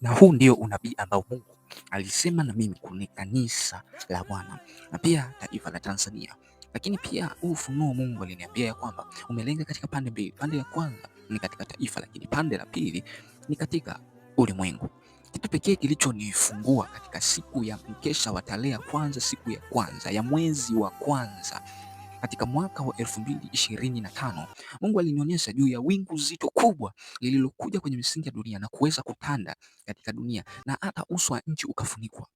na huu ndio unabii ambao Mungu alisema na mimi kwenye kanisa la Bwana na pia taifa la Tanzania. Lakini pia huu ufunuo Mungu aliniambia ya kwamba umelenga katika pande mbili. Pande ya kwanza ni katika taifa, lakini pande la pili ni katika ulimwengu. Kitu pekee kilichonifungua katika siku ya mkesha wa tarehe ya kwanza, siku ya kwanza ya mwezi wa kwanza katika mwaka wa elfu mbili ishirini na tano Mungu alinionyesha juu ya wingu zito kubwa lililokuja kwenye misingi ya dunia na kuweza kutanda katika dunia na hata uso wa nchi ukafunikwa.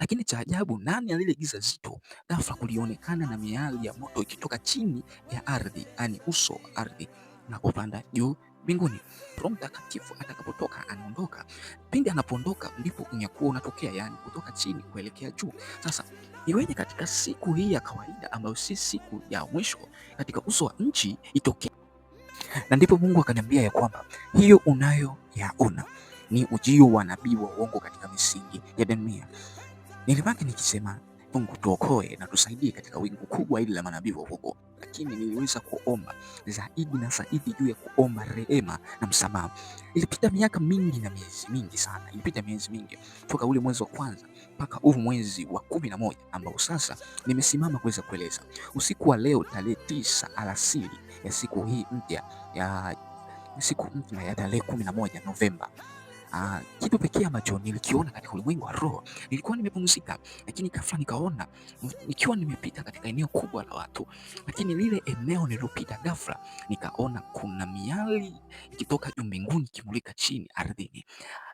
Lakini cha ajabu, ndani ya lile giza zito, ghafla kulionekana na miali ya moto ikitoka chini ya ardhi, yani uso wa ardhi na kupanda juu mbinguni. Roho Mtakatifu atakapotoka anaondoka. Pindi anapoondoka ndipo unyakuo unatokea, yani kutoka chini kuelekea juu. Sasa iweje katika siku hii ya kawaida ambayo si siku ya mwisho katika uso wa nchi itokee? Na ndipo Mungu akaniambia ya kwamba hiyo unayoyaona ni ujio wa nabii wa uongo katika misingi ya dunia. Nilibaki nikisema Mungu tuokoe na tusaidie katika wingu kubwa hili la manabii wa uongo. Lakini niliweza kuomba zaidi na zaidi juu ya kuomba rehema na msamaha. Ilipita miaka mingi na miezi mingi sana, ilipita miezi mingi toka ule mwezi wa kwanza mpaka huu mwezi wa kumi na moja ambao sasa nimesimama kuweza kueleza. Usiku wa leo tarehe tisa alasiri ya siku hii mpya ya siku mpya ya tarehe kumi na moja Novemba Uh, kitu pekee ambacho nilikiona katika ulimwengu wa roho, nilikuwa nimepumzika, lakini ghafla nikaona nikiwa nimepita katika eneo kubwa la watu, lakini lile eneo nililopita ghafla nikaona kuna miali ikitoka juu mbinguni ikimulika chini ardhini.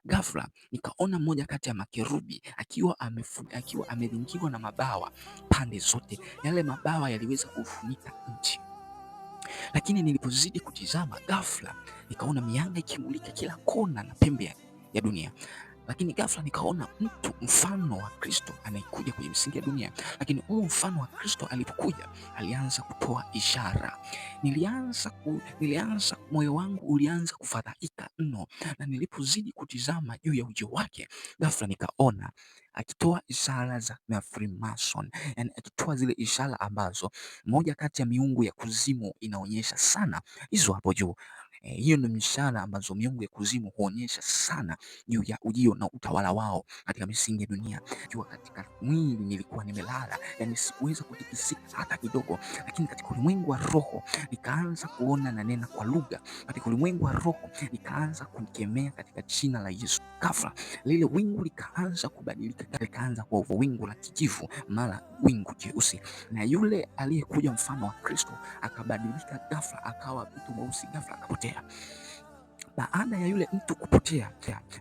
Ghafla nikaona mmoja kati ya makerubi akiwa amefu, akiwa amelingirwa na mabawa pande zote, yale mabawa yaliweza kufunika nchi. Lakini nilipozidi kutizama, ghafla nikaona mianga ikimulika kila kona na pembe ya dunia lakini ghafla nikaona mtu mfano wa Kristo anayekuja kwenye misingi ya dunia. Lakini huu mfano wa Kristo alipokuja alianza kutoa ishara. Nilianza ku, nilianza moyo wangu ulianza kufadhaika mno, na nilipozidi kutizama juu ya ujio wake, ghafla nikaona akitoa ishara za na Freemason, yani akitoa zile ishara ambazo moja kati ya miungu ya kuzimu inaonyesha sana, hizo hapo juu. Eh, hiyo ndio mishara ambazo miungu ya kuzimu huonyesha sana juu ya ujio na utawala wao katika misingi ya dunia. Jua katika mwili nilikuwa nimelala, yani sikuweza kutikisika hata kidogo, lakini katika ulimwengu wa roho nikaanza kuona na nena kwa lugha. Katika ulimwengu wa roho nikaanza kumkemea katika jina la Yesu. Ghafla lile wingu likaanza kubadilika, likaanza kuwa wingu la kijivu, mara wingu jeusi, na yule aliyekuja mfano wa Kristo akabadilika ghafla, akawa mtu mweusi ghafla, akapotea. Yeah. Baada ya yule mtu kupotea,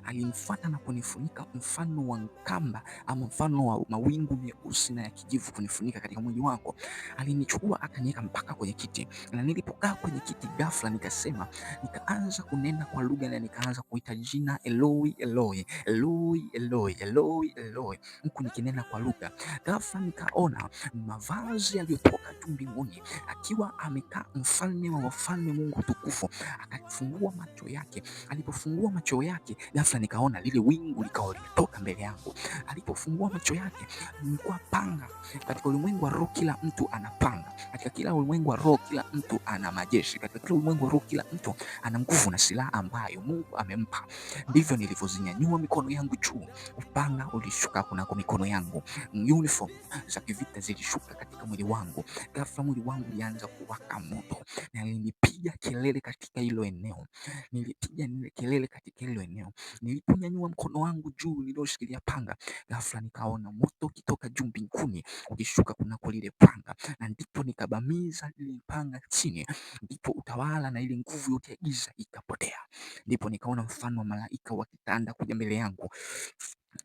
alimfuata na kunifunika mfano wa nkamba ama mfano wa mawingu meusi na ya kijivu, kunifunika katika mwili wako. Alinichukua akaniweka mpaka kwenye kiti, na nilipokaa kwenye kiti, ghafla nikasema, nikaanza kunena kwa lugha na nikaanza kuita jina Eloi, Eloi, Eloi, Eloi, Eloi, Eloi, huku nikinena kwa lugha. Ghafla nikaona mavazi yaliyotoka tu mbinguni, akiwa amekaa mfalme wa wafalme, Mungu tukufu, akafungua macho yake yake. Alipofungua macho yake, ghafla nikaona lile wingu likawa limetoka mbele yangu. Alipofungua macho yake, nilikuwa panga. Katika ulimwengu wa roho, kila mtu ana panga. Katika kila ulimwengu wa roho, kila mtu ana majeshi. Katika kila ulimwengu wa roho, kila mtu ana nguvu na silaha ambayo Mungu amempa. Ndivyo nilivyozinyanyua mikono yangu juu, upanga ulishuka kunako mikono yangu, uniform za kivita zilishuka katika mwili wangu. Ghafla mwili wangu ulianza kuwaka moto na nilipiga kelele katika hilo eneo. Nili, Nilipiga kelele katika hilo eneo, niliponyanyua mkono wangu juu nilioshikilia panga, ghafla nikaona moto ukitoka juu mbinguni ukishuka kunako lile panga, na ndipo nikabamiza lile panga chini, ndipo utawala na ile nguvu yote ya giza ikapotea. Ndipo nikaona mfano wa malaika wakitanda kuja mbele yangu.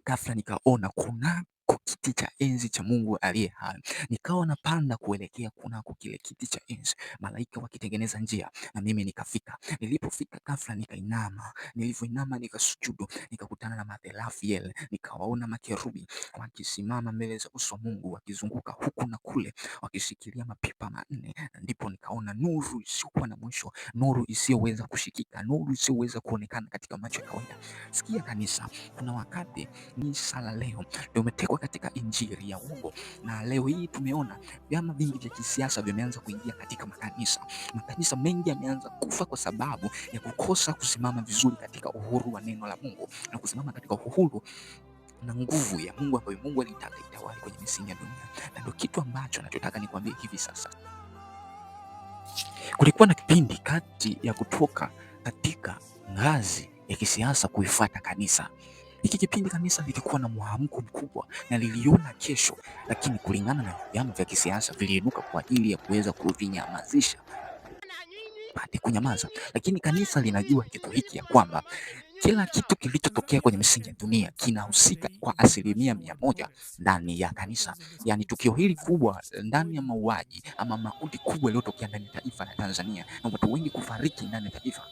Ghafla nikaona kuna kiti cha enzi cha Mungu aliye hai. Nikawa napanda kuelekea kunako kile kiti cha enzi, malaika wakitengeneza njia, na mimi nikafika. Nilipofika ghafla nikainama, nilivyoinama nikasujudu, nikakutana na Mathelafyel, nikawaona makerubi wakisimama mbele za uso wa Mungu, wakizunguka huku na kule, wakishikilia mapipa manne, na ndipo nikaona nuru isiyokuwa na mwisho, nuru isiyoweza kushikika, nuru isiyoweza kuonekana katika macho ya kawaida. Sikia kanisa, kuna wakati ni sala leo ndio umetekwa katika injili ya uongo. Na leo hii tumeona vyama vingi vya kisiasa vimeanza kuingia katika makanisa. Makanisa mengi yameanza kufa kwa sababu ya kukosa kusimama vizuri katika uhuru wa neno la Mungu na kusimama katika uhuru na nguvu ya Mungu ambayo Mungu alitaka itawale kwenye misingi ya dunia, na ndio kitu ambacho ni nikwambie hivi sasa. Kulikuwa na kipindi kati ya kutoka katika ngazi ya kisiasa kuifuata kanisa. Hiki kipindi kanisa lilikuwa na mwamko mkubwa na liliona kesho, lakini kulingana na vyama vya kisiasa viliinuka kwa ajili ya kuweza kuvinyamazisha pate kunyamaza. Lakini kanisa linajua kitu hiki ya kwamba kila kitu kilichotokea kwenye misingi ya dunia kinahusika kwa asilimia mia moja ndani ya kanisa. Yaani tukio hili kubwa eh, ndani ya mauaji ama mauti kubwa iliyotokea ndani ya taifa la Tanzania na watu wengi kufariki ndani ya taifa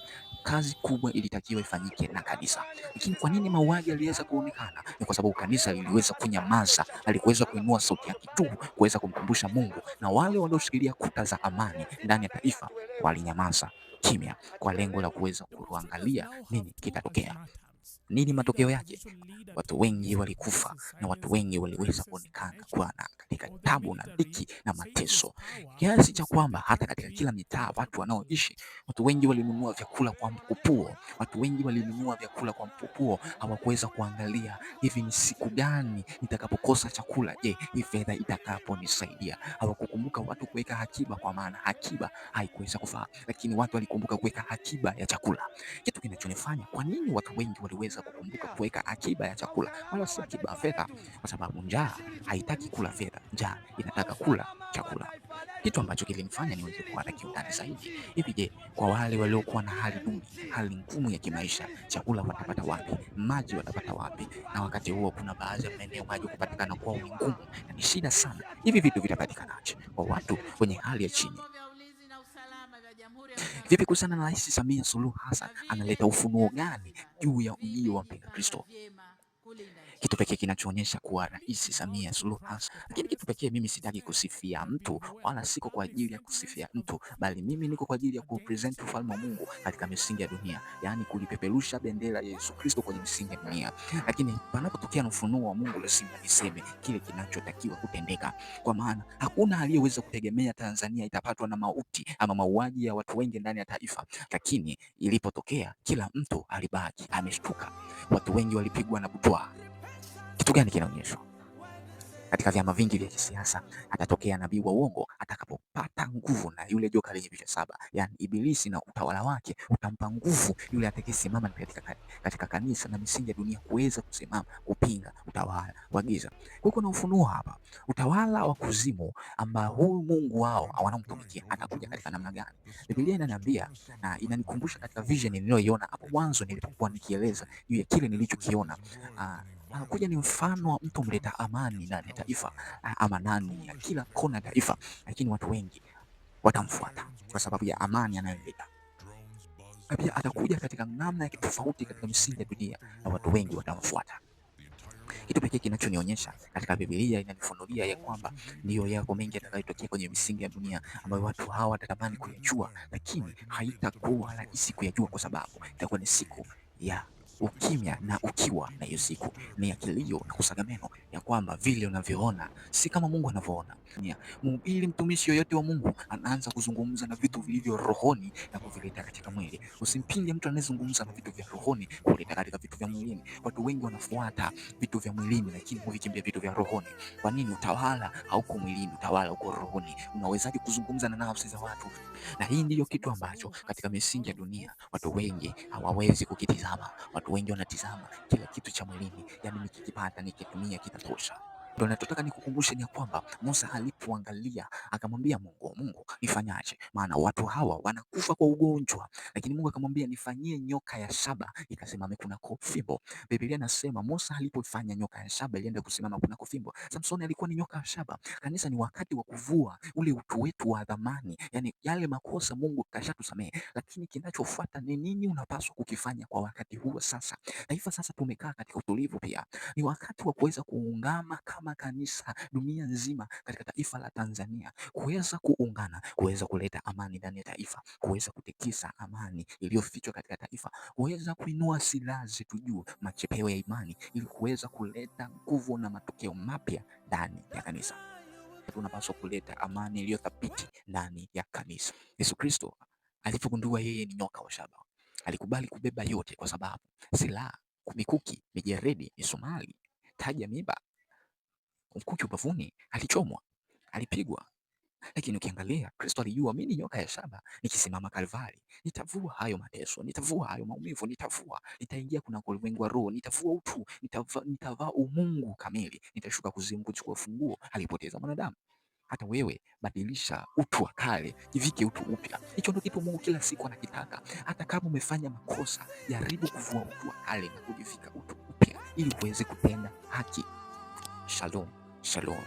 kazi kubwa ilitakiwa ifanyike na kanisa. Lakini kwa nini mauaji aliweza kuonekana? Ni kwa sababu kanisa liliweza kunyamaza, alikuweza kuinua sauti yake tu kuweza kumkumbusha Mungu, na wale walioshikilia kuta za amani ndani ya taifa walinyamaza kimya kwa lengo la kuweza kuangalia nini kitatokea. Nini matokeo yake? Watu wengi walikufa na watu wengi waliweza kuonekana kuwa na katika tabu na dhiki na mateso, kiasi cha kwamba hata katika kila mitaa watu wanaoishi, watu wengi walinunua vyakula kwa mkupuo. Watu wengi walinunua vyakula kwa mkupuo, hawakuweza kuangalia hivi ni siku gani nitakapokosa chakula, je, hii fedha itakaponisaidia? Hawakukumbuka watu kuweka akiba, kwa maana akiba haikuweza kufaa, lakini watu walikumbuka kuweka akiba ya chakula, kitu kinachonifanya kwa nini watu wengi wali kuweza kukumbuka kuweka akiba ya chakula, wala si akiba ya fedha, kwa sababu njaa haitaki kula fedha, njaa inataka kula chakula, kitu ambacho kilimfanya niweze na kiundani zaidi. Hivi je, kwa wale waliokuwa na hali duni, hali ngumu ya kimaisha, chakula watapata wapi? Maji watapata wapi? Na wakati huo kuna baadhi ya maeneo maji kupatikana kwao ni ngumu na ni shida sana. Hivi vitu vitapatikanaje kwa watu wenye hali ya chini? Vipi kuhusiana na Rais Samia Suluhu Hassan, analeta ufunuo gani juu ya ujio wa mpinga Kristo? kitu pekee kinachoonyesha kuwa Rais Samia Suluhu Hassan. Lakini kitu pekee, mimi sitaki kusifia mtu wala siko kwa ajili ya kusifia mtu, bali mimi niko kwa ajili ya kupresent ufalme wa Mungu katika misingi ya dunia, yaani kulipeperusha bendera ya Yesu Kristo kwenye misingi ya dunia. Lakini panapotokea ufunuo wa Mungu, lazima niseme kile kinachotakiwa kutendeka, kwa maana hakuna aliyeweza kutegemea Tanzania itapatwa na mauti ama mauaji ya watu wengi ndani ya taifa, lakini ilipotokea kila mtu alibaki ameshtuka. Watu wengi walipigwa na butwaa kitu gani kinaonyeshwa? Katika vyama vingi vya kisiasa atatokea nabii wa uongo atakapopata nguvu, na yule joka lenye vichwa saba, yani Ibilisi na utawala wake utampa nguvu yule atakayesimama katika, katika kanisa na misingi ya dunia kuweza kusimama kupinga utawala wa giza. Kwa hiyo unaofunua hapa utawala wa kuzimu ambao huyu Mungu wao wanamtumikia atakuja katika namna gani? Biblia inaniambia na inanikumbusha katika vision niliyoiona hapo mwanzo nilipokuwa nikieleza juu ya kile nilichokiona. Ah, anakuja ni mfano wa mtu mleta amani ndani ya taifa ama ndani ya kila kona ya taifa, lakini watu wengi watamfuata kwa sababu ya amani anayoleta pia atakuja katika namna ya kitofauti katika misingi ya dunia na watu wengi watamfuata. Kitu pekee kinachonionyesha katika Biblia inanifunulia ya kwamba ndiyo yako mengi yatakayotokea kwenye misingi ya dunia ambayo watu hawa watatamani kuyajua, lakini haitakuwa rahisi kuyajua kwa sababu itakuwa ni siku ya ukimya na ukiwa na hiyo siku ni akilio na kusaga meno ya kwamba vile unavyoona si kama Mungu anavyoona. Mhubiri, mtumishi yoyote wa Mungu anaanza kuzungumza na vitu vilivyo rohoni na kuvileta katika mwili. Usimpinge mtu anayezungumza na vitu vya rohoni kuleta katika vitu vya mwilini. Watu wengi wanafuata vitu vya mwilini, lakini huvikimbia vitu vya rohoni. Kwa nini? Utawala hauko mwilini, utawala uko rohoni. Unawezaje kuzungumza na nafsi za watu? Na hii ndiyo kitu ambacho katika misingi ya dunia watu wengi hawawezi kukitizama watu watu wengi wanatizama kila kitu cha mwilini, yani nikikipata nikitumia kitatosha. Ndio ninachotaka nikukumbushe ni kwamba Musa alipoangalia akamwambia Mungu, Mungu ifanyaje? Maana watu hawa wanakufa kwa ugonjwa. Lakini Mungu akamwambia nifanyie nyoka ya shaba, ikasimame kunako fimbo. Biblia nasema Musa alipofanya nyoka ya shaba ilienda kusimama kunako fimbo. Samson alikuwa ni nyoka ya shaba. Kanisa, ni wakati wa kuvua ule utu wetu wa dhamani, yani yale makosa Mungu kashatusamehe, lakini kinachofuata ni nini unapaswa kukifanya kwa wakati huo. Sasa taifa, sasa tumekaa katika utulivu, pia ni wakati wa kuweza kuungama kama kanisa dunia nzima katika taifa la Tanzania kuweza kuungana, kuweza kuleta amani ndani ya taifa, kuweza kutikisa amani iliyofichwa katika taifa, kuweza kuinua silaha zetu juu, machepeo ya imani, ili kuweza kuleta nguvu na matokeo mapya ndani ya kanisa. Tunapaswa kuleta amani thabiti ndani ya kanisa. Yesu Kristo alipogundua yeye ni nyoka wa shaba, alikubali kubeba yote, kwa sababu silaha, mikuki, mijeredi, misumari, taji ya miiba mkuki ubavuni, alichomwa, alipigwa. Lakini ukiangalia Kristo alijua mimi ni nyoka ya shaba, nikisimama Kalvari nitavua hayo mateso, nitavua hayo maumivu, nitavua, nitaingia kuna ulimwengu wa roho, nitavua utu, nitavaa, nitava umungu kamili, nitashuka kuzimu kuchukua funguo. Alipoteza mwanadamu. Hata wewe badilisha utu wa kale, jivike utu upya. Hicho ndio kitu Mungu kila siku anakitaka. Hata kama umefanya makosa, jaribu kuvua utu wa kale na kujivika utu upya, ili uweze kutenda haki. Shalom, shalom.